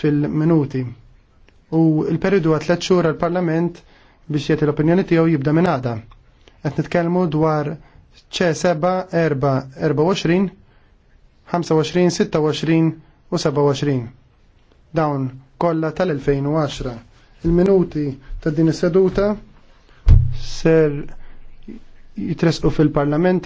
fil-minuti. U il-periodu għat tliet xhur għal-Parlament biex jagħti l-opinjoni tiegħu jibda minn għada. Qed nitkellmu dwar ċe 7, 4, 24, 25, 26 u 27. Dawn kollha tal-2010. Il-minuti ta' din is-seduta ser jitresqu fil-Parlament